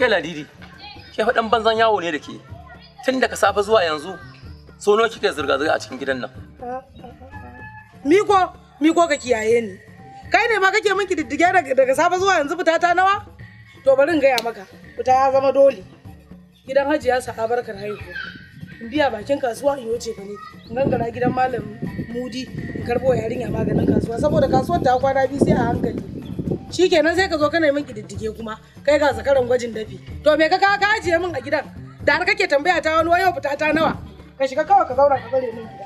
Kai ladidi, ke faɗan banzan yawo ne da ke. Tun daga safe zuwa yanzu, so nawa kika zirga-zirga a cikin gidan nan. Miko, miko ka kiyaye ni. Kai ne ma kake min kididdige daga safe zuwa yanzu fita ta nawa? To bari in gaya maka, fita ya zama dole. Gidan Hajiya sa barkar haihuwa. In biya bakin kasuwa in yoce ka ne, in gangara gidan Malam Mudi in karɓo yarinya maganin kasuwa saboda kasuwar ta kwana biyu sai a hankali. shikenan sai ka zo kana min kididdige kuma kai ga zakaran gwajin dafi to me ka ka ka ajiye min a gidan da har kake tambaya ta wani wayo fita ta nawa ka shiga kawai ka zauna ka bare min gida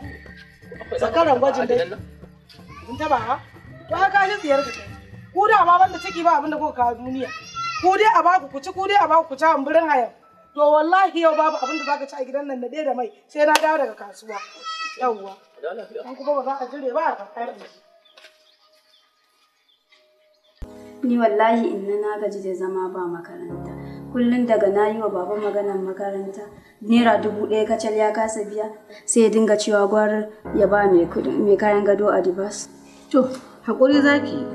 zakaran gwajin dafi mun taba ba to ni ji da ka ku da ba banda ciki ba abinda kuka kawo duniya ku dai a baku ku ci ku dai a baku ku ci hamburin hayan to wallahi yau babu abinda zaka ci a gidan nan da da mai sai na dawo daga kasuwa yawwa an kuma ba za a jire ba a kakar Ni wallahi in na gaji da zama ba makaranta. Kullum daga na yi wa baban maganar makaranta, Naira dubu ɗaya kacal ya kasa biya, sai ya dinga cewa gwarar ya ba mai kayan gado a dibas. To, haƙuri zaki,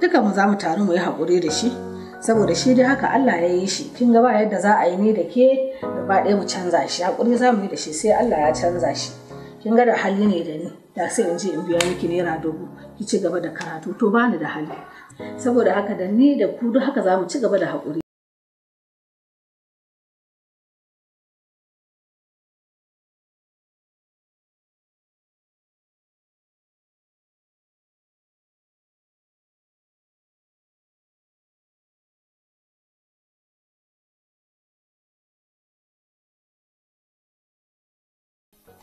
duka mu za mu taru mu yi haƙuri da shi. saboda shi dai haka Allah ya yi shi kin gaba ba yadda za a yi ni da ke gaba ɗaya mu canza shi hakuri za mu yi da shi sai Allah ya canza shi kin ga da hali ne da ni da sai in je in biya miki naira dubu ki ci gaba da karatu to bani da hali saboda haka da ni da ku duk haka za mu ci gaba da haƙuri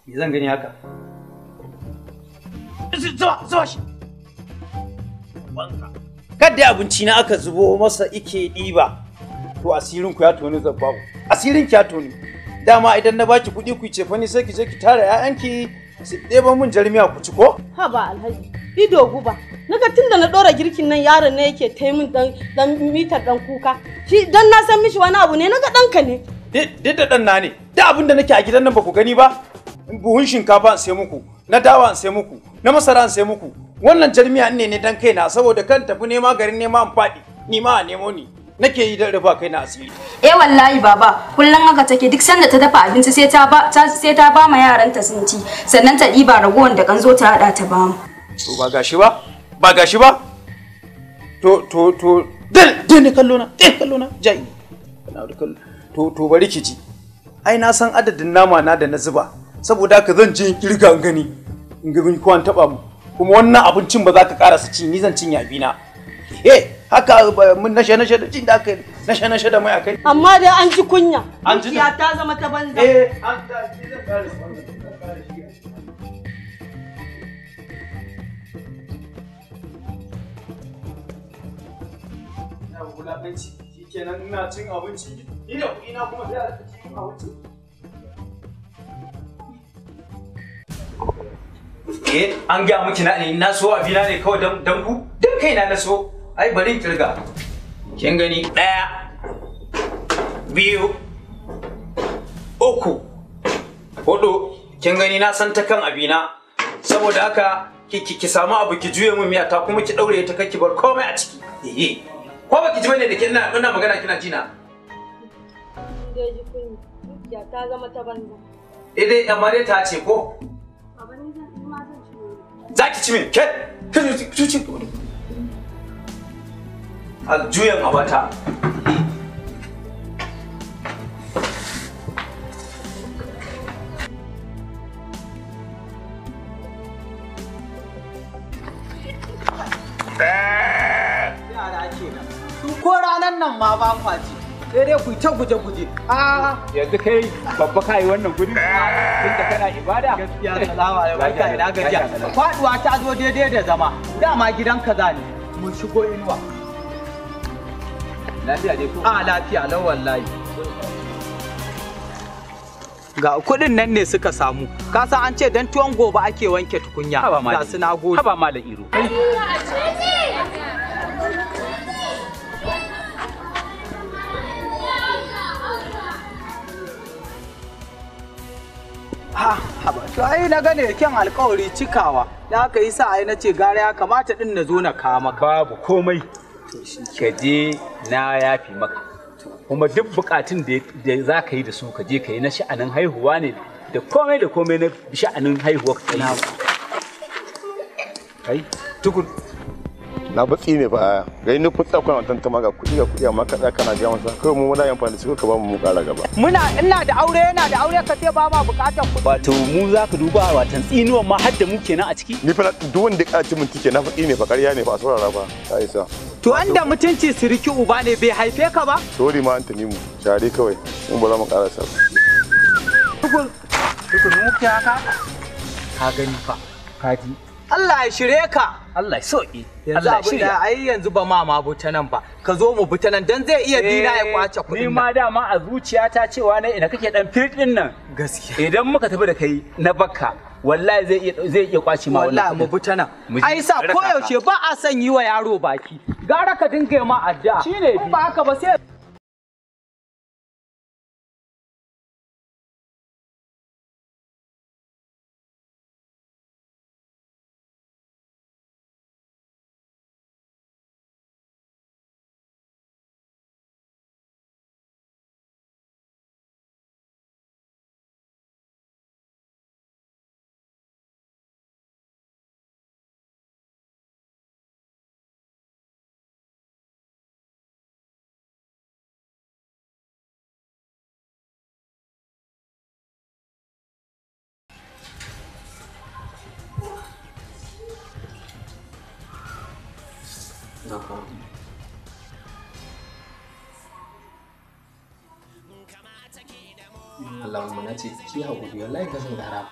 Me zan gani haka? Zuba, zuba shi. Kadda abinci na aka zubo masa ike ɗiba, to asirin ku ya toni zabbabu. Asirin ki ya toni. Dama idan na baki kuɗi ku ce fani sai ki je ki tara 'ya'yanki su ɗeba mun jarmiya ku ci ko? Ha ba alhaji, ido guba. Naga tun da na ɗora girkin nan yaron ne yake ta min dan mitar dan kuka. Shi dan na san mishi wani abu ne naga ɗanka ne. Duk da ɗan na ne, da abin da nake a gidan nan ba ku gani ba. buhun shinkafa an sai muku na dawa an sai muku na masara an sai muku wannan jarmiya ne ne dan kaina saboda kan tafi nema garin nema an faɗi ni ma a nemo ni nake yi dan rufa kaina asiri eh wallahi baba kullum haka take duk sanda ta dafa abinci sai ta ba sai ta ba ma yaranta sun ci sannan ta diba ragowan da kanzo ta hada ta ba mu to ba gashi ba ba gashi ba to to to dal je ne kallo na je kallo na jai to to bari ki ji ai na san adadin nama na da na zuba saboda ka zan je in kirga in gani in ga ko an taba mu kuma wannan abincin ba za ka karasa ci ni zan cinye abina eh haka mun nashe nashe da cin da aka nashe nashe da mai akai amma dai an ji kunya an ji ta zama ta banza eh an ta zan karasa wulaƙanci shi kenan ina cin abinci ni da kuɗi na kuma sai a cikin abinci eh an gaya miki na ne na so abina ne kawai dan dan ku dan kaina na so ai bari in kirga kin gani daya biyu uku hudu kin gani na san ta kan abina saboda haka ki ki, ki samu abu ki juye min miya ta kuma ki daure ta kake bar komai a ciki eh, eh. ko baki ji bane da kina ina magana kina jina ta zama ta banza. Idai eh amare ta ce ko? za ki ci min ke cuci a juyan abata ko ranan nan ma ba sai dai ku ta guje guje yanzu kai babba kai wannan gudu. tunda kana ibada gaskiya gajiya faduwa ta zo daidai da zama dama gidan kaza ne mun shigo inuwa lafiya dai ko a lafiya lau wallahi ga kuɗin nan ne suka samu ka san an ce dan tuwon gobe ake wanke tukunya ga su na gode haba malam iro Ha, to ai na gane kyan alkawari cikawa da aka yi sa ai na ce gara ya kamata din na zo na kama. Babu komai. Ka je na yafi maka. Kuma duk bukatun da za ka yi da su ka je ka yi na sha'anin haihuwa ne da komai da komai na sha'anin haihuwa ka yi. Kai, na batsi ne fa ga ni kun tsakon wannan tantama ga kudi ga kudi amma kaza kana ga masa kai mu muna yan fani ka ba mu ƙara gaba muna ina da aure yana da aure ka ce ba ma bukatar kudi wato mu za ka duba watan tsinuwan ma har da mu kenan a ciki ni fa duk wanda ka ci mun tike na faɗi ne fa ƙarya ne fa a saurara fa ta isa to an da mutunci siriki uba ne bai haife ka ba sori ma an tani mu share kawai mun ba za mu ƙara sa tukun tukun mu ka ka gani fa kaji Allah ya shirye ka. Allah ya sauki. Yanzu abin da ai yanzu ba ma ma buta nan ba. Ka zo mu buta nan dan zai iya dina ya eh, kwace kuɗin. Ni ma dama a zuciyata cewa na ina kake dan firit din nan. Gaskiya. Idan muka tafi da kai na bakka wallahi zai iya zai iya kwace ma Wallahi mu buta nan. Ai sa koyaushe ba a son yi wa yaro baki. Gara ka dinga ma addu'a. Shine. Ba haka ba sai Allahumma na ce ki haƙuri wallahi ka zan gara.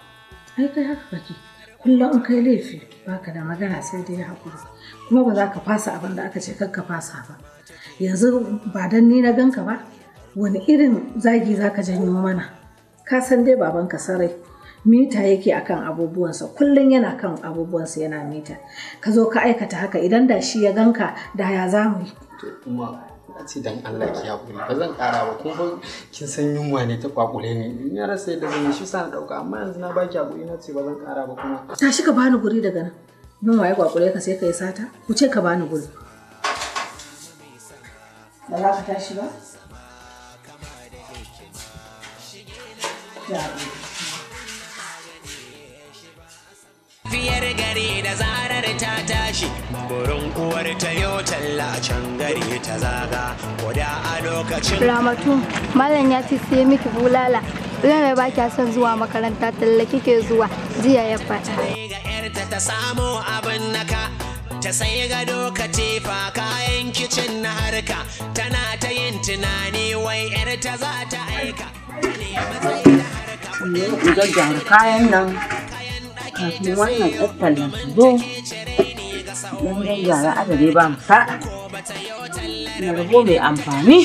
Ai kai haka kake kullum in kai laifi baka da magana sai dai ya haƙuri kuma ba za ka fasa abin da aka ce kar ka fasa ba. Yanzu ba dan ni na ganka ba wani irin zagi za ka janyo mana ka san dai babanka sarai mita yake akan abubuwansa kullum yana kan abubuwansa yana mita ka zo ka aikata haka idan da shi ya ganka da ya zamu yi. na ce dan Allah ki haƙuri ba zan ƙara ba kuma ba kin san yunwa ne ta kwakure ne in ya rasa yadda zan yi shi sa na ɗauka amma yanzu na baki haƙuri na ce ba zan ƙara ba kuma. ta ka bani guri daga nan yunwa waye kwakure ka sai ka yi sata ku ce ka bani guri. ba za ka tashi ba? Biyar gari da zarar ta tashi burin uwar ta yau talla can gari ta zaga koda a lokacin ramatu malam ya ce sai miki bulala Rana ba kya son zuwa makaranta talla kike zuwa jiya ya fata. Ga 'yarta ta samu abin naka ta sai gado tefa kayan kicin na harka tana ta yin tunani wai yar ta za ta aika kayan nan kafin wannan tsaftar zo don dai gyara adadi ba mu sa'a na rabo mai amfani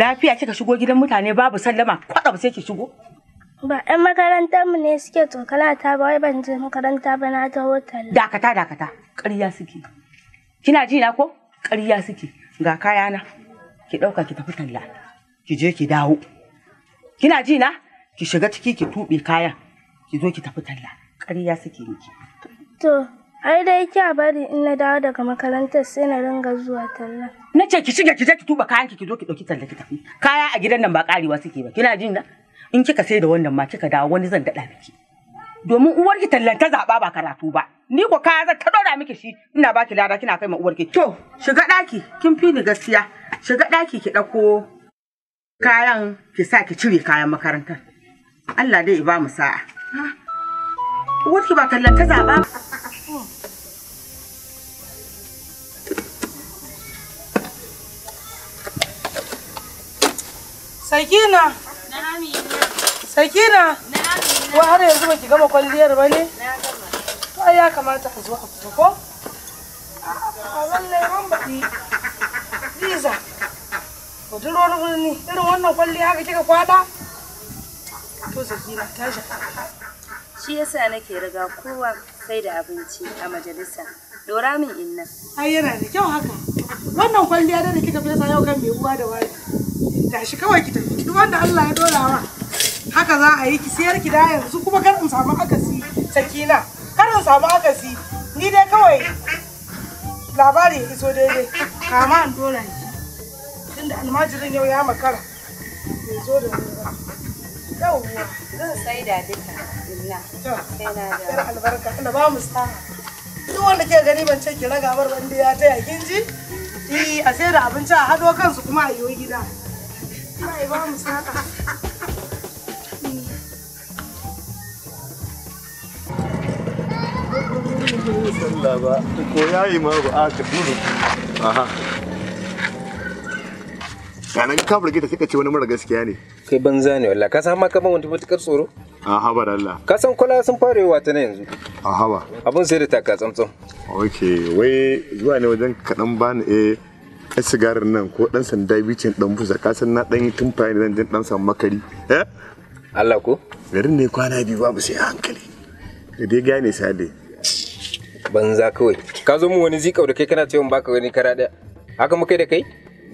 lafiya kika shigo gidan mutane babu sallama kwaɗa sai ki shigo ba ɗan makarantar mu ne suke tsokala ta ba wai ban je makaranta ba na ta hotel dakata dakata ƙarya suke kina ji na ko ƙarya suke ga kayana ki ɗauka ki tafi talla ki je ki dawo kina ji na ki shiga ciki ki tuɓe kayan ki zo ki tafi talla ƙarya suke miki to ai dai kya bari in na dawo daga makarantar sai na ringa zuwa talla na ce ki shiga ki je ki tuba kayan ki zo ki ɗauki talla ki tafi kaya a gidan nan ba ƙarewa suke ba kina ji na in kika sai da wannan ma kika dawo wani zan daɗa miki domin uwarki tallan ta zaɓa ba karatu ba ni ko kaya zan ta ɗora miki shi ina baki lada kina kai ma uwarki to shiga ɗaki kin fi ni gaskiya shiga ɗaki ki ɗauko kayan ki sa ki cire kayan makarantar Allah dai ba mu sa'a uwar ki ba tallan ta zaba Sakina Sakina wa har yanzu ba ki gama kwalliyar ba ne? To ai ya kamata a zo ka fita ko? A wannan ban baɗi. Liza. budurwar birni irin wannan kwalli haka kika kwada to sakina tashi shi yasa nake riga kowa sai da abinci a majalisa dora min inna ai yana da kyau haka wannan kwalliya da kika fesa yau kan mai uwa da wani tashi kawai ki tafi duk wanda Allah ya dora wa haka za a yi ki siyar ki da yanzu kuma kar in samu akasi sakina kar in samu akasi ni dai kawai labari ya iso daidai kama in dora ni tunda almajirin yau ya makara bai zo da zan sai da duka na da albarka Allah ba mu sa'a duk wanda ke gani ban ce ki raga bar wanda ya taya kin ji eh a sai da abinci a hado kansu kuma a wa gida Allah ba mu sa'a sallah ba ko yayi ma ba aka duru aha sanan ka burge ta sai ka ce wani mara gaskiya ne kai banza ne wallahi ka san ma ka ban wani mutukar tsoro a haba da Allah ka san kula sun fara yawa ta na yanzu a haba abun sai da taka tsantsan okay wai zuwa ne wajen kaɗan bani eh ɗan sigarar nan ko ɗan sanda bicin ɗan busa ka san na ɗan yi tumfaye ne zan ɗan samu makari eh Allah ko garin ne kwana biyu babu sai hankali da dai gane sade banza kawai ka zo mu wani zikau da kai kana cewa baka wani kara daya haka kai da kai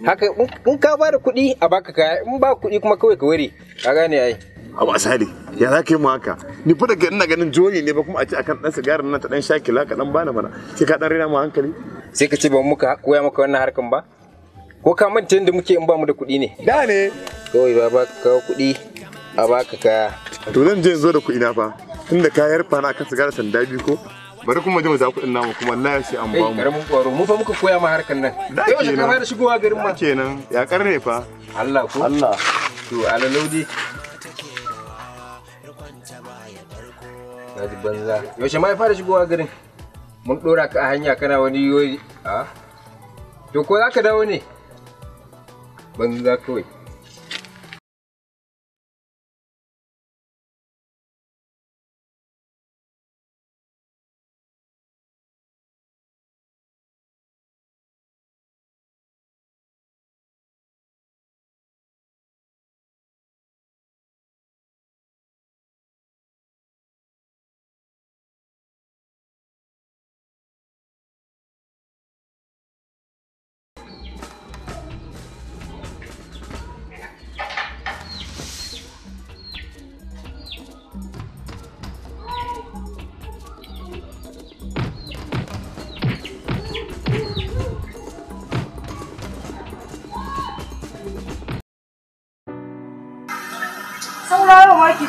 haka in ka bada kuɗi a baka kaya in ba kuɗi kuma kawai ka ware ka gane yayi abu asali ya za ka yi mu haka ni fa daga ina ganin joyi ne ba kuma a ci akan dan sigarin nan ta dan shakila ka dan bana mana sai ka dan rena mu hankali sai ka ce ba muka koya maka wannan harkan ba ko ka manta yadda muke in ba mu da kuɗi ne da ne kawai ba baka kawo kuɗi a baka kaya to zan je zo da kuɗi na fa tunda ka yarfa na akan sigarin sanda biyu ko bari kuma ji mu za kuɗin namu kuma Allah ya sai an bamu. mu karamin kwaro mu fa muka koya ma harkan nan da yau da ka fara shigowa garin ma kenan ya karne fa Allah ko Allah to alalaudi Gaji banza yaushe ma ya fara shigowa garin mun dora ka a hanya kana wani yoyi ah? to ko za ka dawo ne banza kawai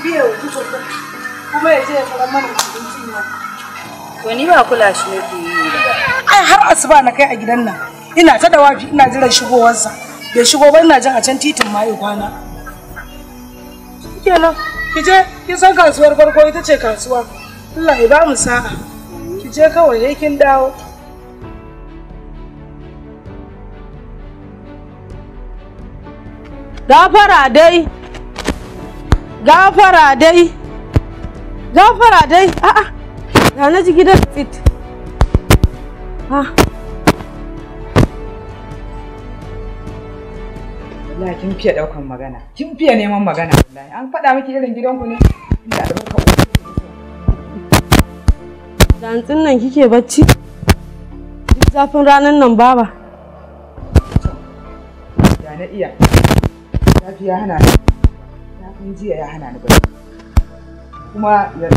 ki biya wa kuma ya je ya fara mana abincin nan. To ni ba kula shi ne ke yi ba. Ai har asuba na kai a gidan nan. Ina ta da wafi ina jiran shigowarsa. Bai shigo ba ina jin a can titin ma ya kwana. Shikenan ki je ki san kasuwar farko ita ce kasuwa. Allah ya ba mu sa'a. Ki je kawai sai kin dawo. Gafara dai gafara dai gafara dai a'a ga na ji gidan fit ha Allah kin fiye daukan magana kin fiye neman magana wallahi an faɗa miki irin gidanku ne inda albarka Dantsin nan kike bacci? Duk zafin ranar nan baba. Ya na iya. Zafi ya hana ni. tun jiya ya hana ni kuma ya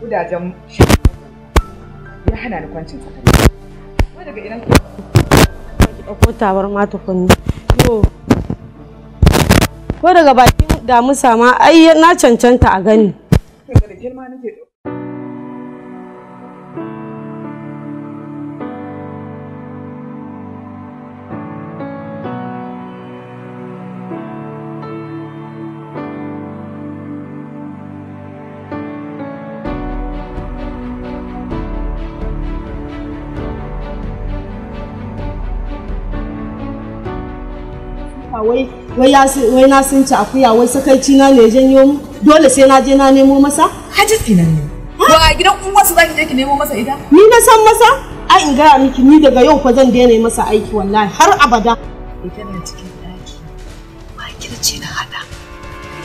kudajen ya hana ni kwancin wai daga idan ki dauko tawar ma tukunni yo ko daga bakin damusa ma ai na cancanta a gani daga girma nake a wai wai na sun ci akuya wai sakaici na ne janyo mu dole sai na je na nemo masa hajji nan ne to a gidan uwarsa zaki je ki nemo masa ita ni na san masa ai in gaya miki ni daga yau fa zan daina masa aiki wallahi har abada ita na cikin daki ba kirce na hada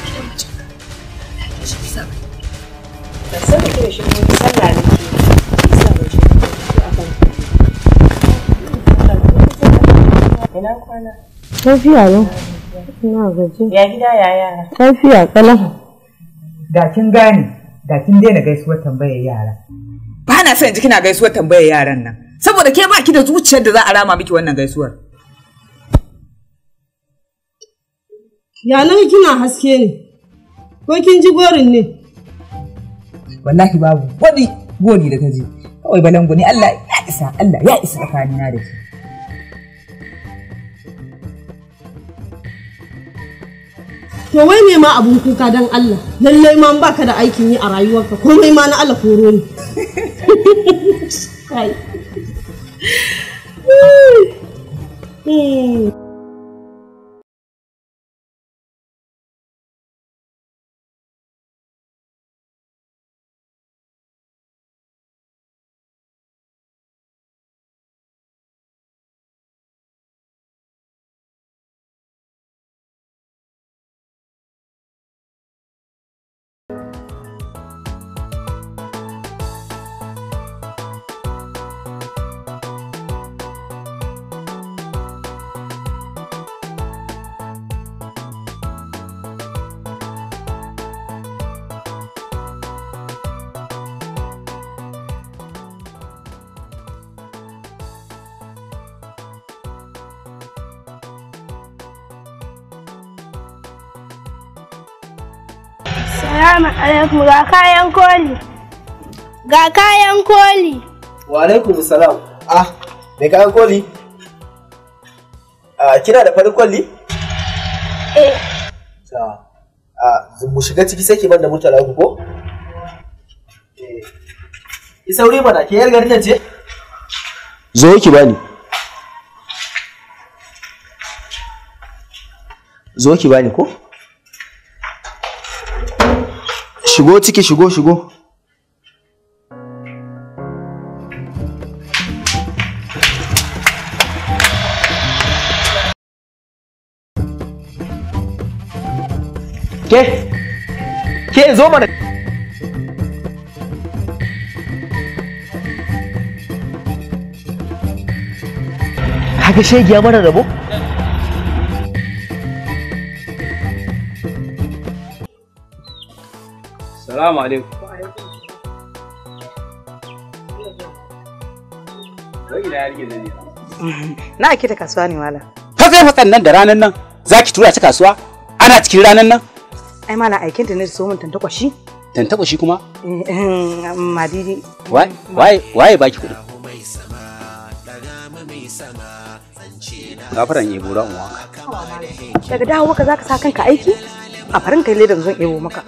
ita da mace ta ke shi sa ba san da kire shi mun sallah ne ke sa ba ce a kan ina kwana Tafiya ne. Ina gaji. Ya gida ya yara. Tafiya kalam. Da kin gane, da kin daina gaisuwar tambayar yara. Ba na son ji kina gaisuwar tambayar yaran nan. Saboda ke ba ki da zuciyar da za a rama miki wannan gaisuwar. Ya nan kina haske ne. Ko kin ji gorin ne? Wallahi babu wani gori da ta ji. Kawai balangu ne Allah ya isa, Allah ya isa tsakanina da shi. to wai me ma abun kuka dan Allah lallai ma baka da aikin yi a rayuwarka komai ma na Allah koro ne kai hmm. Hmm. Assalamu alaikum ga kayan koli. Ga kayan koli. Wa alaikum salam. Ah, me kayan koli? Ah, kina da farin koli? Eh. Ta. Ah, mu shiga ciki sai ki banda mutala ku ko? Eh. Ki sauri mana ke yar garin ce? Zo ki bani. Zo ki bani ko? Shigo ciki shigo shigo. Ke, ke zo mana. Haka shegiya mana rabo? Salamu alaikum. Na ake ta kasuwa ne wala. zai fatsan nan da ranar nan za ki tura ta kasuwa ana cikin ranar nan. Ai malam aikin ta ne da somin tantakwashi. Tantakwashi kuma? Eh, eh, Madidi. Waye kudi kuɗi? Gafaran yi bura uwa Daga dawo ka za ka sa kanka aiki? A farin kai ledan zan ebo maka.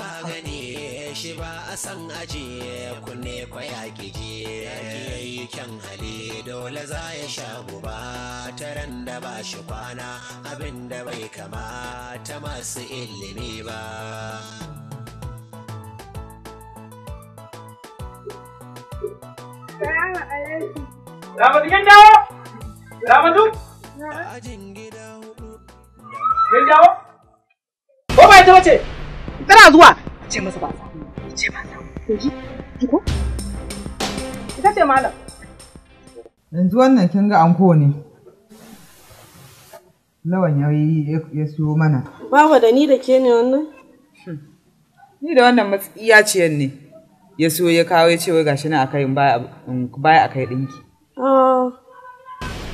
san ajiye kunne kwaya kije yayi kyan hali dole za ya sha guba taran da ba shi kwana abin da bai kamata masu ilimi ba Salamu alaikum. Ramatu kin dawo? Ramatu? Kin dawo? Ko ba ko bace? ta zuwa. Ce masa ba. ce ce malam. Yanzu wannan kin ga anko ne. Lawan ya yi ya siyo mana. Baba da ni da ke ne wannan? Ni da wannan matsiya ciyan ne. Ya siyo ya kawo ya ce wai gashi na akai baya akai dinki. Ah.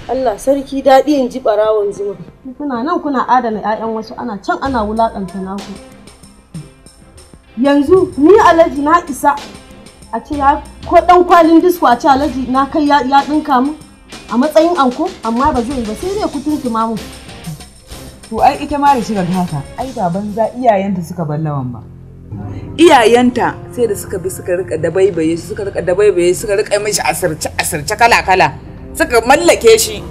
Allah sarki daɗi in ji ɓarawon zuma. Kuna nan kuna adana 'ya'yan wasu ana can ana wulaƙanta naku. yanzu ni alaji na isa a ce ya ko dan kwalin disko a ce alaji na kai ya dinka mu a matsayin anko amma ba zai ba sai zai kutunki mamu to ai ita ma da shiga haka ai ba banza iyayenta suka bar lawan ba iyayenta sai da suka bi suka rika dabaibaye suka rika dabaibaye suka rika mishi asirce asirce kala kala suka mallake shi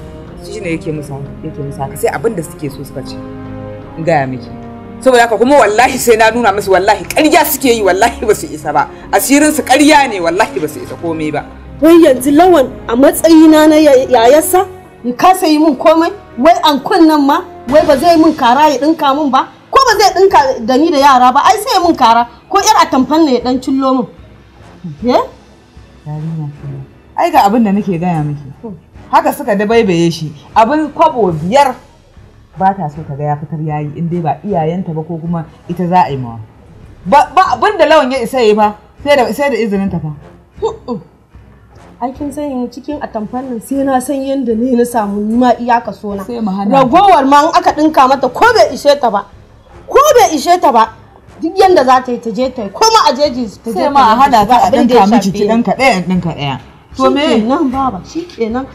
shine yake musa yake musa sai abin da suke so suka ce gaya miki saboda haka kuma wallahi sai na nuna musu wallahi ƙarya suke yi wallahi ba su isa ba asirin su ƙarya ne wallahi ba su isa komai ba wai yanzu lawan a matsayina na yayasa in kasa yi min komai wai an kunnan ma wai ba zai min kara ya dinka min ba ko ba zai dinka da ni da yara ba ai sai min kara ko yar tamfan ne ya dan cillo min ai ga abin da nake gaya miki haka suka dabaibaye shi abin kwabo biyar ba ta so ta ga ya fitar yayi in dai ba iyayenta ba ko kuma ita za a yi mawa ba abin da lawan ya isa yi ba sai da sai da izinin ta fa aikin sanyin cikin atamfan nan sai na san yadda ne na samu ma so na ragowar ma in aka dinka mata ko bai ishe ta ba ko bai ishe ta ba duk yadda za ta yi ta je ta yi ko ma a jeji ta je ta ma a hada ta a dinka miji ki dinka ɗaya dinka ɗaya to me nan baba shikenan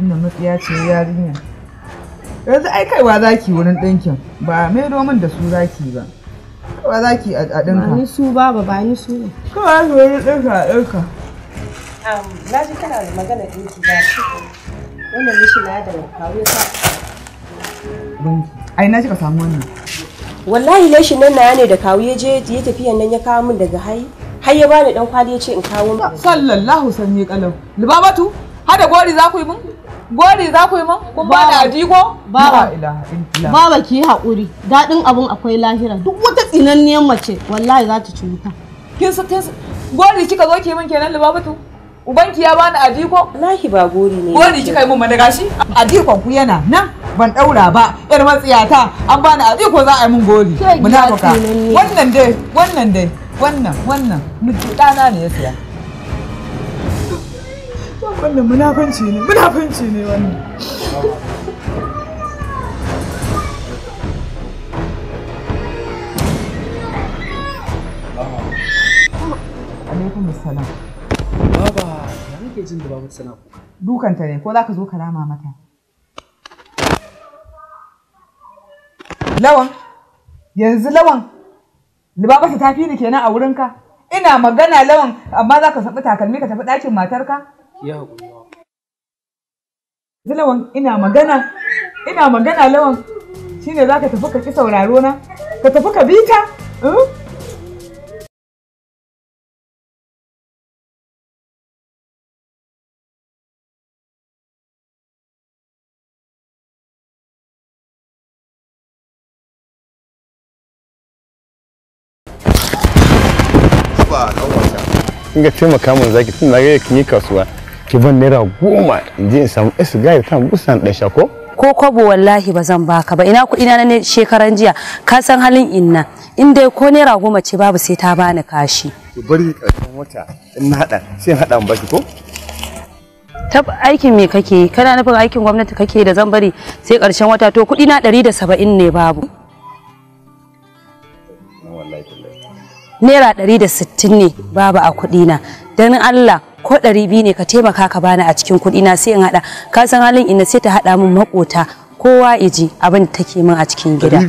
ina matsiya ce yarinya yanzu ai kaiwa zaki wurin dinkin ba mai domin da su zaki ba kaiwa zaki a dinka. ba ni su ba ba ni su ne kaiwa zaki wurin dinka a ɗinka na ji kana da magana ɗinki ba shi wannan shi na da kawo ya sa ai na ji ka samu wannan wallahi leshin nan na ne da kawo ya je ya tafiyan nan ya kawo min daga hai har ya bani dan kwali ya ce in kawo min sallallahu sanni kalau libabatu hada gori za ku yi mun gori za ku yi ma kun ba da ko baba baba ki haƙuri daɗin abun akwai lahira duk wata tsinanniyar mace wallahi za ta ci wuta kin sa gori kika zo ki min kenan libabatu ubanki ya bani ko wallahi ba gori ne gori kika yi min madaga shi adikon ku yana nan ban daura ba yar matsiyata an bani ko za a yi min gori buka wannan dai wannan dai wannan wannan dana ne ya siya wannan munafanci ne munafanci ne wannan alaikum salam baba ya nake jin da babu sana dukanta ne ko za ka zo ka rama mata lawan yanzu lawan libabata ta fi ni kenan a wurinka ina magana lawan amma za ka saɓi takalmi ka tafi ɗakin matarka Ya haƙuri ba. Yanzu lawan ina magana, ina magana lawan shine za ka tafi ka ƙi sauraro na, ka tafi ka bi ta. Hmm? Ba, ga taimaka mun zaki tun da ga yi kasuwa. ki ban naira goma in je in samu esu gaya ta busan ɗan shako. ko kwabo wallahi ba zan baka ba ina kuɗi na ne shekaran jiya ka san halin inna in dai ko naira goma ce babu sai ta bani kashi. ki bari karshen wata in na hada sai in haɗa baki ko. tab aikin me kake kana nufin aikin gwamnati kake da zan bari sai karshen wata to kudi na ɗari da saba'in ne babu. naira ɗari da sittin ne babu a kudi na don Allah ko ɗari biyu ne ka taimaka ka bani a cikin kuɗi na sai in haɗa ka san halin ina sai ta haɗa min makota kowa ya ji abin da take min a cikin gida.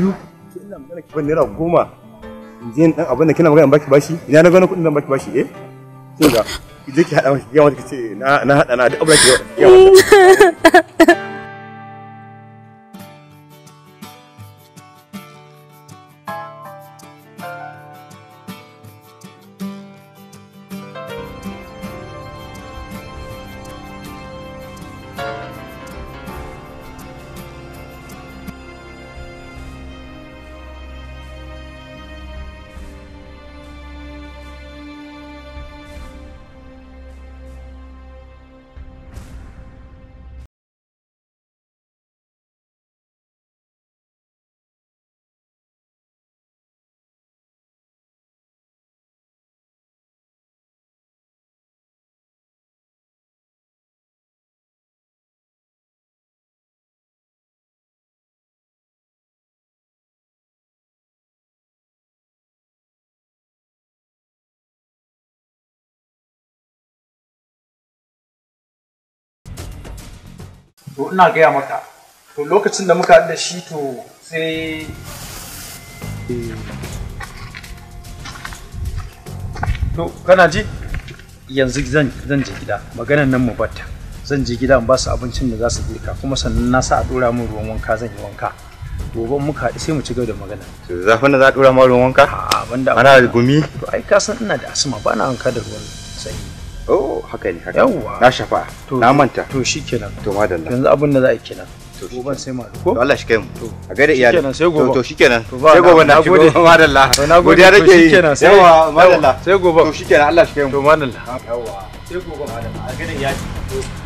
to ina gaya maka to lokacin da muka da shi to sai to kana ji yanzu zan zan je gida maganan nan mu batta zan je gida ba su abincin da za su girka kuma sannan na sa a dora min ruwan wanka zan yi wanka gobe muka haɗu sai mu ci gaba da magana to zafin da za a dora min ruwan wanka a banda ana gumi to ai ka san ina da asma ba na wanka da ruwan sanyi oh haka ne haka na shafa na manta to shikenan to madalla yanzu abin da za a yi kenan to sai ko Allah shi kai mu to a gaida iyali shikenan sai gobe to shikenan sai gobe na shigo madalla to na gode rake yi madalla sai gobe to shikenan Allah shi kai mu to madalla sai gobe madalla a gaida iyali